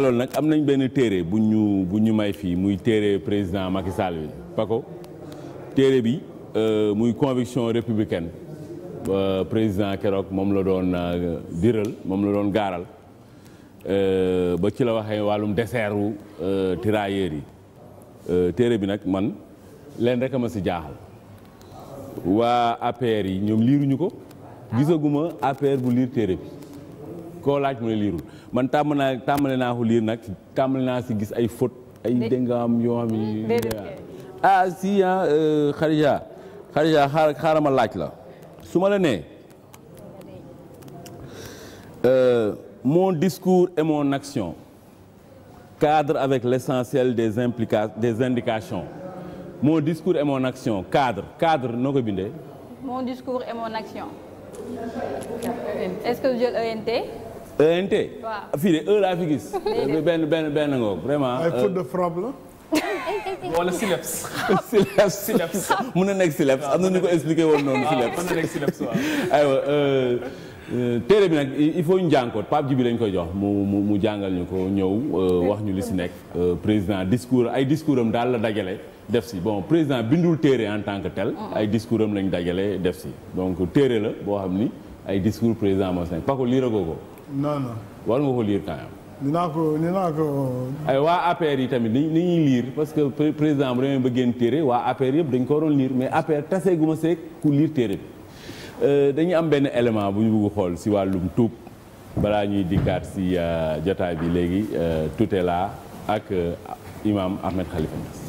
loolu nag am nañ benn téere bu ñu bu ñu may fii muy téere président Macky Sall bi Paco téere bi euh, muy conviction républicaine euh, président keroog moom la doon diral euh, moom la doon gaaral ba ci la waxee wàllum désert wu tirailleurs yi téere bi nag man leen rek a ma si jaaxal waa APR yi ñoom liiruñu ko ah. gisaguma APR bu liir téere bi koo laaj mu ne liirul man tàmm naa tàmmale naa ko liir nag tàmmale naa si gis ay faute ay déngaam yoo xam ne hmm, ah, ah si ah euh, Khadija Khadija xaaral ma laaj la su ma la nee euh, mon discours et mon action cadre avec l'essentiel des implica des indications mon discours et mon action cadre cadre noo ko bindee. ENT. waaw fii de E laa fi gis. benn benn benn ngoog vraiment. E. de frappe wala sileps. sileps sileps mën na nekk sileps am na ñu ko expliqué woon noonu. Ah, sileps mën na e, e, bi nag il faut ñu jàng ko Pape Djibi lañ koy jox mu mu mu jàngal ñu ko ñëw wax ñu li si nekk. président discours ay discours am daal la dajale. def si bon président bindul téere en tant que tel. ay discours am lañ dajale def si donc téere la boo xam ni ay discours président moo si nekk Pape lii ragoo ko. non non. war nga ko lire quand même. dinaa waa APR yi tamit ni ñuy lire parce que président bu demee ba génn téere waa APR yëpp dañ ko waroon lire mais APR taseegu ma seeg ku lire téere bi. Euh, dañuy am benn élément bu ñu bugg xool si wàllum tuub balaa ñuy dikkaat si euh, jotaay bi léegi euh, tout est là ak imam Ahmed Khalifa Niass.